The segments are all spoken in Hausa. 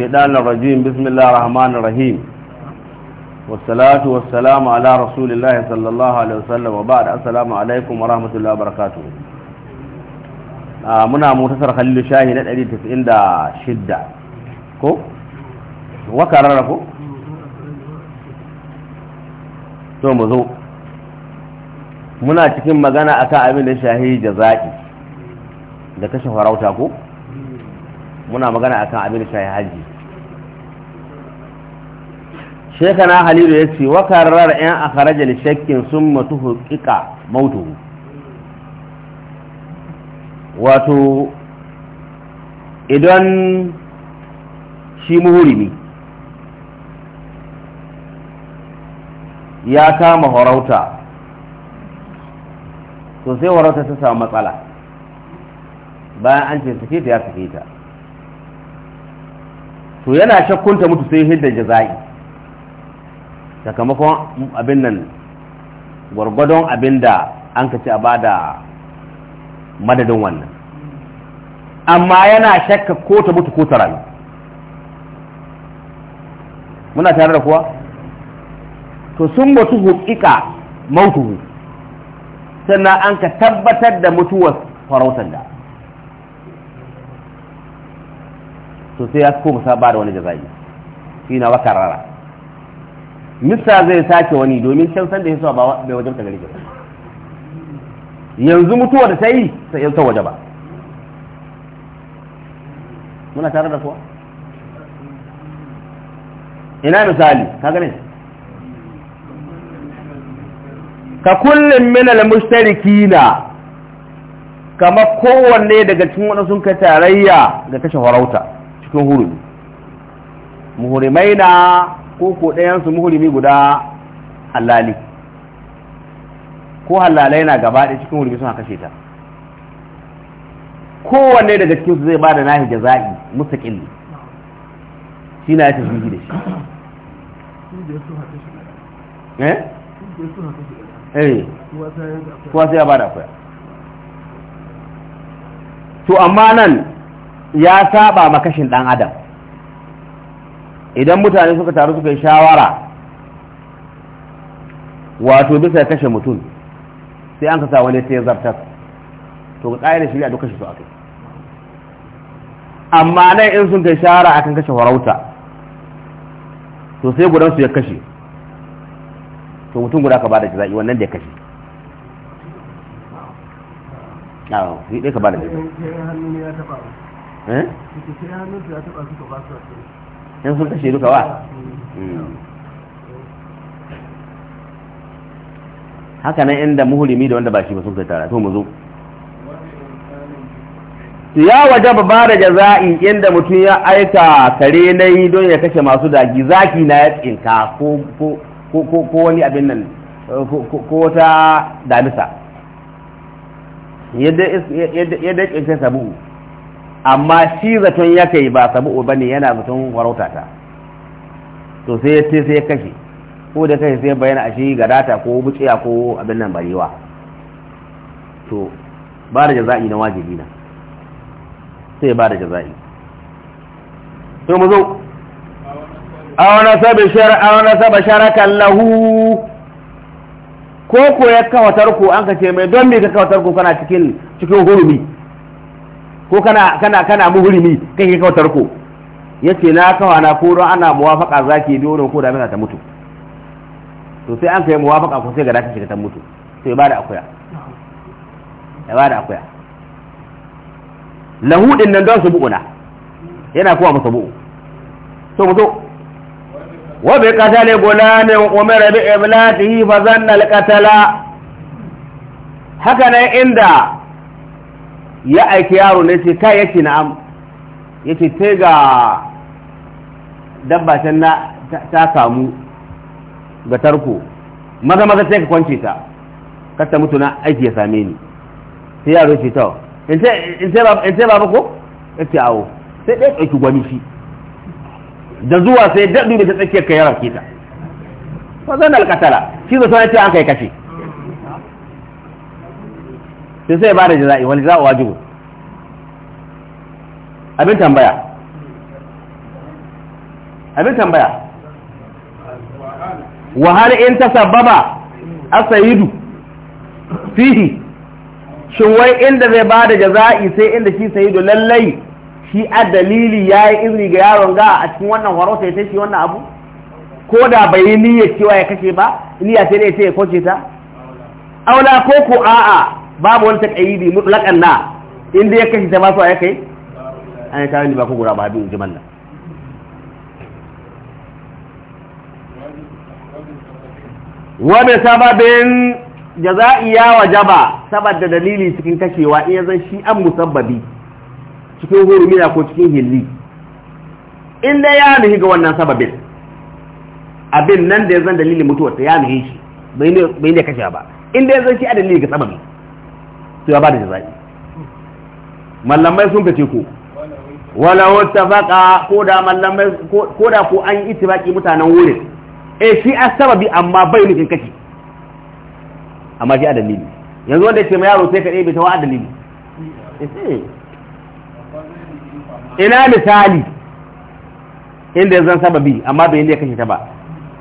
الشيطان الرجيم بسم الله الرحمن الرحيم والصلاة والسلام على رسول الله صلى الله عليه وسلم وبعد السلام عليكم ورحمة الله وبركاته ko wakarara ko to mu zo muna cikin magana akan abin da shahi da kashe farauta ko muna magana akan abin shayi shahi haji shekana halilu ya ce wa karar yan a kharaja shakkin sun matu hukika mautu wato idan shi muhurimi ya kama horauta to sai horauta ta samu matsala bayan an ce sake ta ya sake ta to yana shakkunta mutu sai hidda jaza'i sakamakon abin nan gwargwadon abin da an ka ci a bada madadin wannan amma yana shakka ko ta mutu ko ta rami muna tare da kuwa to sun mutu hukika mautu sannan an ka tabbatar da mutuwar farautar da sosai sai ya koma sa ba da wani jazayi shi na rara. mista zai sake wani domin can san da ya ba bai wajen ta gari yanzu mutuwa da ta yi sai yau ta waje ba muna tare da kuwa ina misali ka gane ka kullum mustariki na kama kowanne daga cikin sun ka tarayya ga kashe farauta cikin hurumi muhurimai na ko ko ɗayansu muhulimi guda halali ko halalai na gaba ɗaya cikin hulmi suna kashe ta kowanne daga cikinsu zai ba da nahi jaza'i mustaqilli shi na ya tafi da shi eh eh kuwa sai ya bada akwai to amma nan ya saba makashin dan adam idan mutane suka taru suka yi shawara wato bisa kashe mutum sai an kasa wani sai ya zartar to ga ƙa'idar shirya duk kashe su a kai, amma nan in sun kai shawara akan kashe farauta to sai gudan su ya kashe to mutum guda ka bada jaza'i wannan da ya kashe awo ka in sun kashe duka wa haka nan inda muhulimi da wanda ba shi ba sun kai tara to mu zo ya waje ba da jaza'i inda mutum ya aika kare na yi don ya kashe masu da zaki na ya tsinka ko wani abin nan ko wata damisa yadda ya tsinka sabu amma shi zaton ya kai ba sabu'u bane yana zaton warauta ta to sai ya sai ya kashe ko da kai sai bayana ashe ga data ko buciya ko abin nan barewa to ba da jaza'i na wajibi na sai ba da jaza'i to mu zo awana sabi shar awana sabi sharakan lahu ko ko ya kawatar ku an ka ce mai don me ka kawatar ku kana cikin cikin hurumi ko kana kana kana muhrimi kai ka kawo tarko yace na kawa na ko don ana muwafaka zaki dole ko da mata ta mutu to sai an kai muwafaka ko sai ga ta shiga ta mutu sai ba da akuya ya ba da akuya lahudin nan don su bu'una yana kuwa masa bu'u so mu zo wa bi qatali gulamin umara bi iblatihi fa zanna al qatala haka ne inda ya aiki yaro ne ce kai yake na'am yake te ga dabba ta na ta kamu ga tarko maza maza sai ka kwance ta kasta mutu na aiki ya same ni sai yaro ce ta in sai babu ko ya ce awo sai ɗaya ɗauki gwani shi da zuwa sai daɗu da ta tsakiyar ka yara ke ta fa zan alƙatala shi zai sai ya ce an kai kashe sai sai ba da jaza'i wani za'u wajibu abin tambaya abin tambaya wa in ta sababa asayidu fihi shin wai inda zai ba da jaza'i sai inda shi sayidu lallai shi a dalili ya yi izini ga yaron ga a cikin wannan horo sai ta shi wannan abu ko da bai yi niyyar cewa ya kashe ba niyya sai dai ya ce ya kwace ta aula ko ku a'a babu wani taqayidi mutlaqan na inda ya kashe ta ba su ayyaka yi an ta ni ba ku gura ba bin jiman nan wa bi sababin iya wa jaba saboda dalili cikin kashewa in zan shi an musabbabi cikin hurumina ko cikin hilli in dai ya nuhi ga wannan sababin abin nan da ya zan dalilin mutuwarsa ya nuhi shi bai ne kashe ba in ya zan shi a dalili ga sababin. to ya ba da jazai mallamai sun kace ko wala wattafaqa ko da mallamai ko da ko an yi ittifaqi mutanen wurin eh shi sababi amma bai nufin kake amma shi adalili yanzu wanda ce mayaro yaro sai ka ɗebe ta wa dalili eh, eh. ina misali inda zan sababi amma bai ne kashe ta ba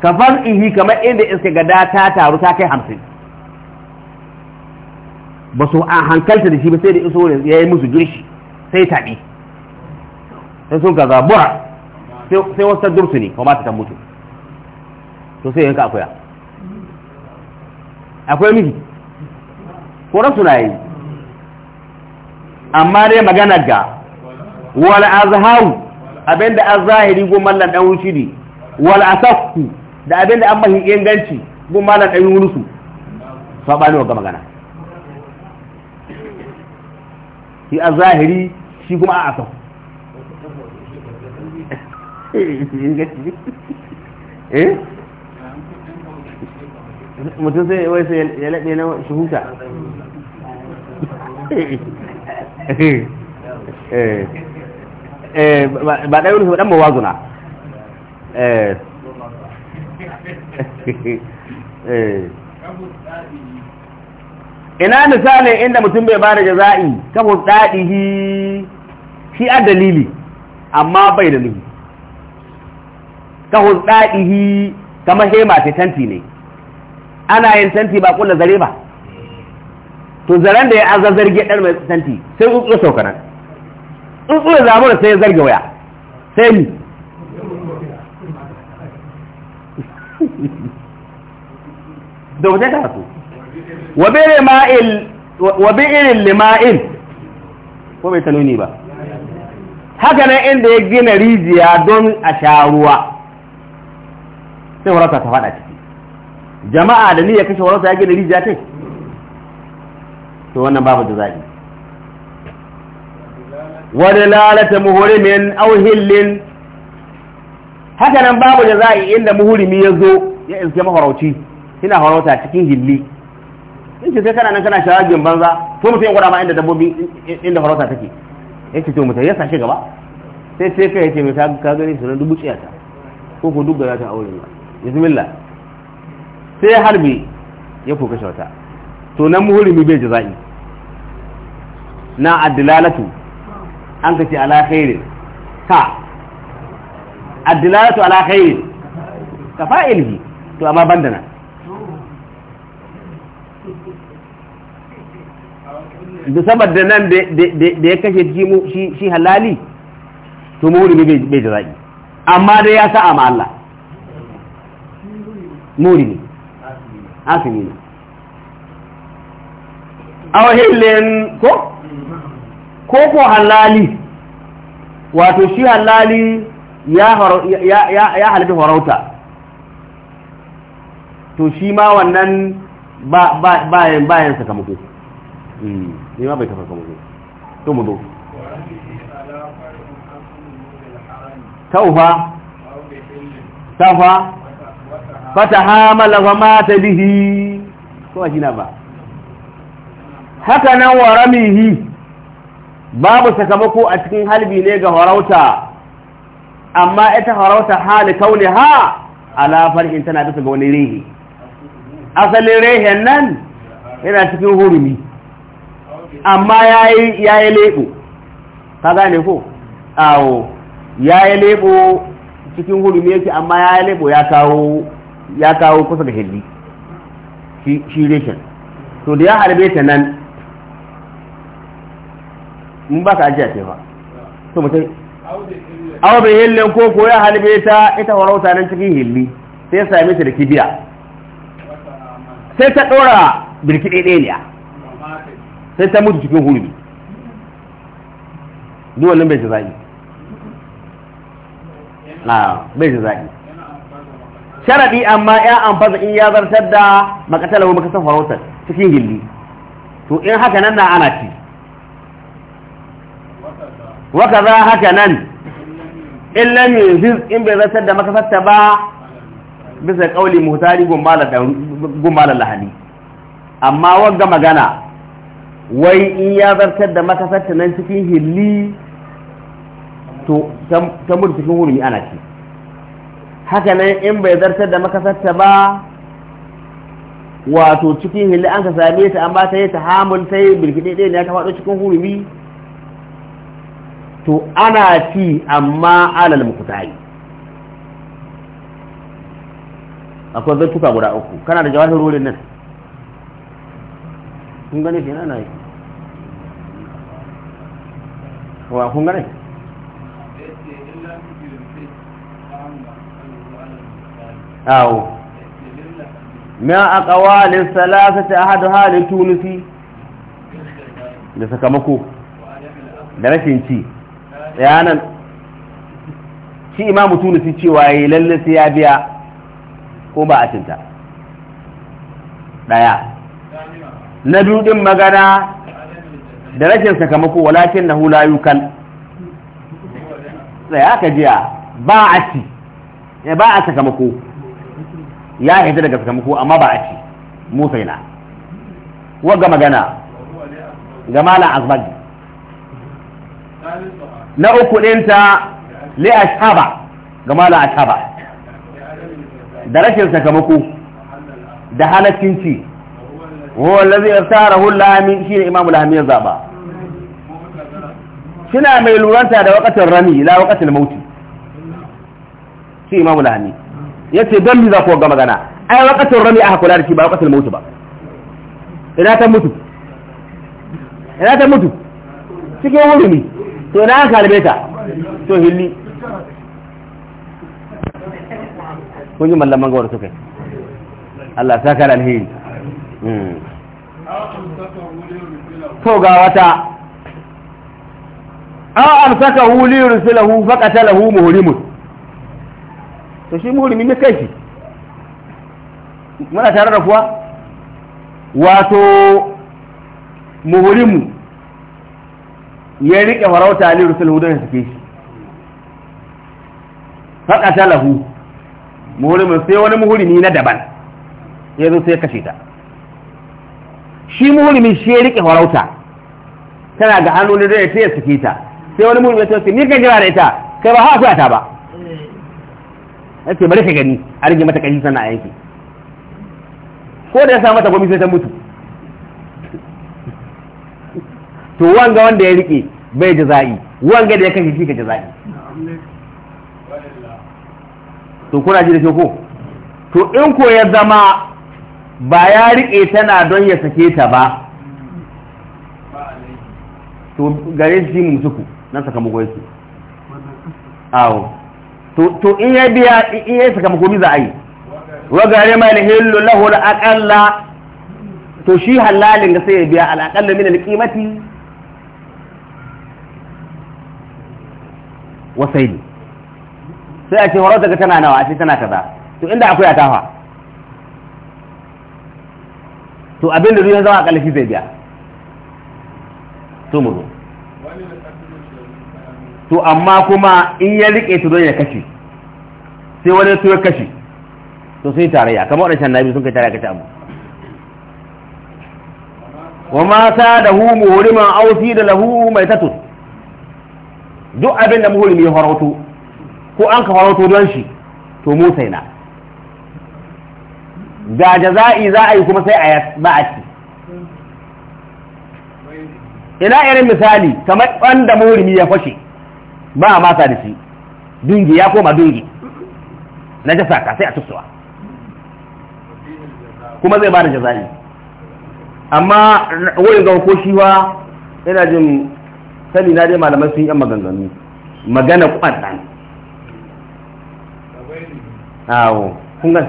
kafar ihi kamar inda iska gada ta taru ta kai hamsin ba su an hankalta da shi ba sai da iso ya yi musu girshi sai taɓi sai sun ka zabura sai wasu dursu ne kuma ta mutu to sai yanka akuya akwai miji ko rasu na yi amma dai magana ga wal azharu abinda an zahiri gun mallan dan ne wal asaku da abinda an mahi inganci gun mallan dan yunusu sabani wa magana shi a zahiri shi kuma a asau eh? mutum sai wai sai ya laɓe na shi huta eh. Eh. ba ɗaya wani ɗan mawazuna eh eh ina misalin inda mutum bai bada jaza'i ta hudadihi shi a dalili amma bai da nuhi ta hudadihi kamar hema ta tanti ne ana yin tanti ba kula zare ba to zaren da ya aza zarge dan mai tanti sai tsutsu saukanan tsutsu ya zamu da sai ya zarge waya sai ni da wajen karatu wa bi'ir ma'il ko bai tanuni ba haka inda ya gina rijiya don a sha ruwa sai warasa ta fada ciki jama'a da ni ya kashe warasa ya gina rijiya kai to wannan babu da wani lalata muhurimin auhillin haka nan babu da inda muhurimi ya zo ya iske maharauci yana harauta cikin hilli in ce sai kana nan kana shawagin banza to mutum ya gwada ma inda dabbobi inda farauta take ya ce to mutum ya sashi gaba sai sai kai ya ce mai ka gani su dubu tsiyata ko ko duk gara ta aure ba bismillah sai harbi ya fuka shauta to nan muhurimi bai jaza'i na addilalatu an ka ala khairin ka addilalatu ala khairin ka fa'ilhi to amma bandana da da nan da ya kashe shi halali to murimi bai da zaƙi amma dai ya sa'a ma Allah murimi asimi ne a wahilin ko? ko ko halali wato shi halali ya halitta farauta to shi ma wannan bayan sakamako. Mm. ne ma bai ta mutum to mu zo taufa tafa fata hamala wa mata bihi ko shi na ba haka nan wa babu sakamako a cikin halbi ne ga harauta amma ita harauta hali kauni ha ala farkin tana bisa ga wani rehe asalin rehen nan yana cikin hurumi amma ya yi lebo ka gane ko awo ya yi lebo cikin hurumi yake amma yi lebo ya kawo ya kawo kusa da hilli shi reshen to da ya harbe ta nan in ba ka ajiya ce ba to mutai awa bai hillin ko ko ya harbe ta ita warauta nan cikin hilli sai ya sami ta da kibiya sai ta ɗora birki ɗaya sai ta mutu cikin hurumi duk wannan bai jaza'i a bai jaza'i sharadi amma ya amfasa in ya zartar da makatala ko makasar farautar cikin gilli to in haka nan na ana ci waka za haka nan in lam yuzin in bai zartar da ta ba bisa kauli mutari gumbala lahani amma wanga magana wai in ya zartar da makasarta nan cikin hilli to ta mutu cikin hurumi ana ci haka nan in bai zartar da makasarta ba wato cikin hilli an ka same ta amma ta yi ta hamul ta yi birkiɗe ɗaya ya ta faɗo cikin hurumi to ana ci amma alal mukutai akwai zartuka guda uku kana da jawahir rolin nan kun gane kenan na yi wa kun gane awo min aqwalin salasati ahaduha li tunisi da sakamako da rashin ci yanan shi imamu tunisi cewa yayi lalle sai ya biya ko ba a cinta daya na dudin magana da rashin sakamako walakin na hula yukal sai aka jiya ba a ci eh, ba a sakamako ya haifar daga sakamako amma ba a ci musa yana wagga magana Gamala malam azbag na uku ɗinta li ashaba ga a ashaba da rashin sakamako da halaccin ci huwa allazi sa al-lami shine imamu lami ya zaba na mai luranta da wakatin rami la wakatin mauti shi imamu al-lami yace don bi za ku ga magana ai wakatin rami aka kula da shi ba wakatin mauti ba ina ta mutu ina ta mutu cikin wurumi to na an kalbe ta to hilli kun yi mallaman gawar suka Allah ta saka alheri Hmm. to ga wata an amsaka wuli rusulahu lahu muhrimun to shi muhrimi ne kai shi muna tare da kuwa wato muhrimu ya rike farauta ali rusulahu don suke shi lahu muhrimu sai wani muhrimi na daban yazo sai kashe ta shi muhulmi shi ya rike farauta tana ga hannu ne da ta suke ta sai wani muhulmi ta ce ni ka jira da ita kai ba ha ta ba ake bari ka gani a rage mata kashi sana a ko da ya samu mata gwamnati sai ta mutu to wanga wanda ya rike bai jaza'i wanga da ya kashe shi ka jaza'i to kuna ji da ko to in ko ya zama ba ya riƙe tana don ya sake ta ba to gare shi mu suku nan sakamako su awo to in ya biya in ya sakamako mi za a yi wa gare ni lahillu lahu al-aqalla to shi halalin da sai ya biya al-aqalla min al-qimati wa sayli sai a ce horar daga tana nawa a ce tana kaza to inda akwai atafa to abin da ruwan zama a kalashi zai biya to mu zo to amma kuma in ya rike to don ya kashe sai wani to ya kashe to sai tarayya kamar na nabi sun kai tarayya kashe abu wa ma sa da hu muhuriman ausi da lahu mai tatus duk abin da muhurimi ya farauto ko an ka farauto don shi to mu sai na ga jaza'i za a yi kuma sai a ba a ci ina irin misali kamar wanda murimi ya fashe ba a mata da shi dungi ya koma dungi na jasa ka sai a tutsuwa kuma zai ba da jaza'i amma wurin ga hukoshi wa ina jin sani na dai malaman sun yi maganganu magana an ɗan awo kun gani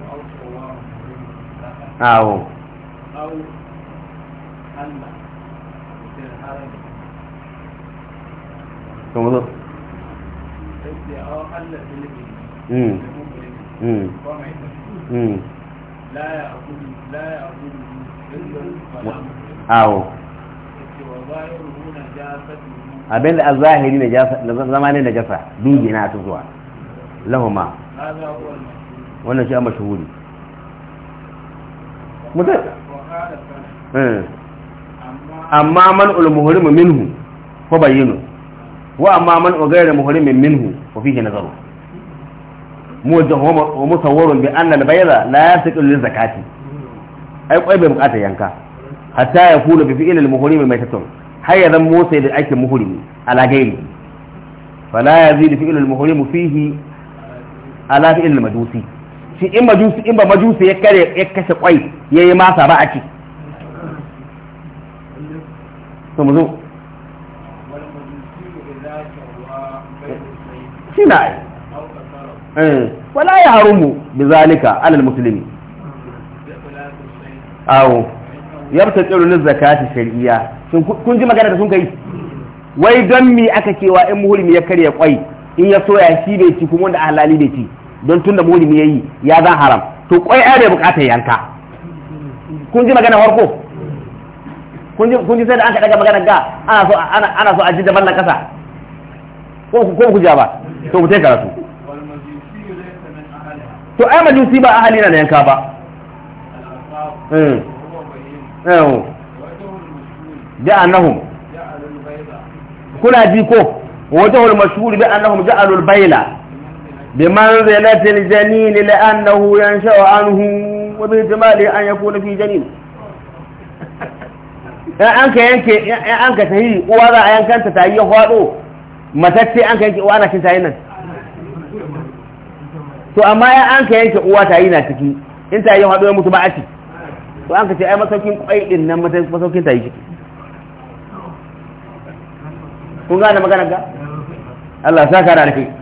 awo kuma mm. mm. mm. awo abin a zahiri na zama ne na jasa dingina ta zuwa lahuma wannan shi a mashahuri mutum eh. amma man ulmuhurimu minhu ko bayinu wa amma man ugayra muhurimin minhu fa fihi nazaru muwajjahum wa musawwarun bi anna al-bayda la yasiqu lil zakati ai kwai bai bukata yanka hatta ya kula bi fi'il al-muhrimi mai tatun har ya zan motsa da ake muhrimi ala gairi fala yazidu fi'il al-muhrimi fihi ala fi'il al madusi. shi in majusi in ba majusi ya kare ya kashe kwai ya yi masa ba a ci mu zo shi na yi eh. wala ya mu bi zalika alal musulmi awo yabta tsirin zakati shari'a kun ji magana da sun kai wai don mi aka cewa in muhulmi ya karya kwai in ya soya shi bai ci kuma wanda halali bai ci don tun da mulimi ya yi ya zan haram to kwai ya bai bukatar yanka kun ji magana farko kun ji sai da an kaɗa magana ga ana so a ji daban na ƙasa ko ku ja ba to ku teka karatu to ai majusi ba ahali na yanka ba eh. Eh. ja'annahum kuna ji ko wajen mashhur bi annahum ja'alul bayla بمنزلة الجنين لأنه ينشأ عنه وباحتمال أن يكون في جنين an ka yanke an ka tahi uwa za a yankanta ta yi hwado matacce anka yanke uwa na cin tayi nan to amma ya anka yanke uwa tayi na ciki in tayi hwado ya mutu ba a ci to anka ce ai masaukin kwai din nan masaukin tayi ciki kun gane magana ga Allah saka da alheri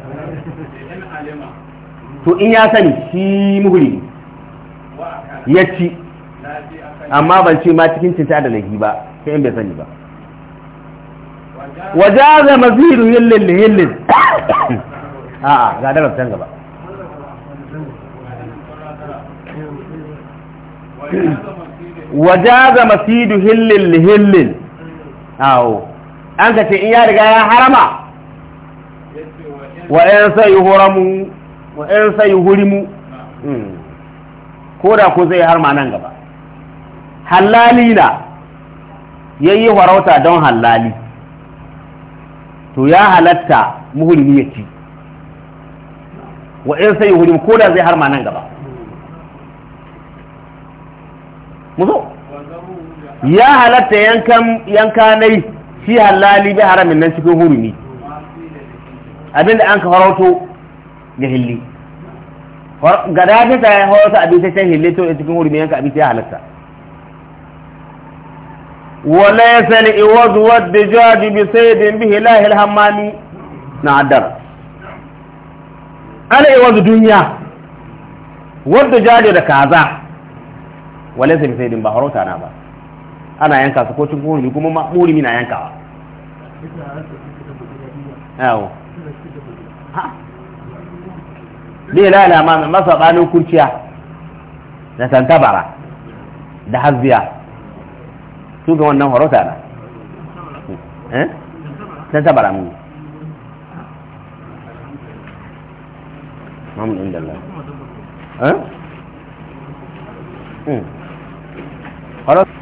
to in ya sani shi muhuri ya ci amma ban ce ma cikin cinta da laifi ba sai in bai sani ba wajaza maziru hillin da hillin a'a ga darar can gaba wajaza masidu hillin da hillin awo an ka ce in ya riga ya harama wa'yan sai huramu wa'yan sai hurimu ko da ko zai har ma nan gaba hallali na ya yi farauta don hallali to ya halatta muhulmi ya ci wa'yan sai hurimu ko da zai har ma nan gaba muso ya halatta yankanai shi hallali bai haramin nan cikin hurumi Abin da an ka farauto ga hilli ga dafi ta ya farauto abin ta can hilli to cikin wuri mai yanka abin ta ya halatta wala ya sani iwazu wadda jaji bi sayidin bihi lahil hammami na adar ana iwazu duniya wadda jaji da kaza wala ya sani sayidin ba farauta na ba ana yanka su ko cikin wuri kuma ma'uri na yankawa yawo bai lala ma masa banin kurciya da tantabara da hazbiya su ga wannan horota na eh? tantabara mu mamun inda Allah eh? hmm. horota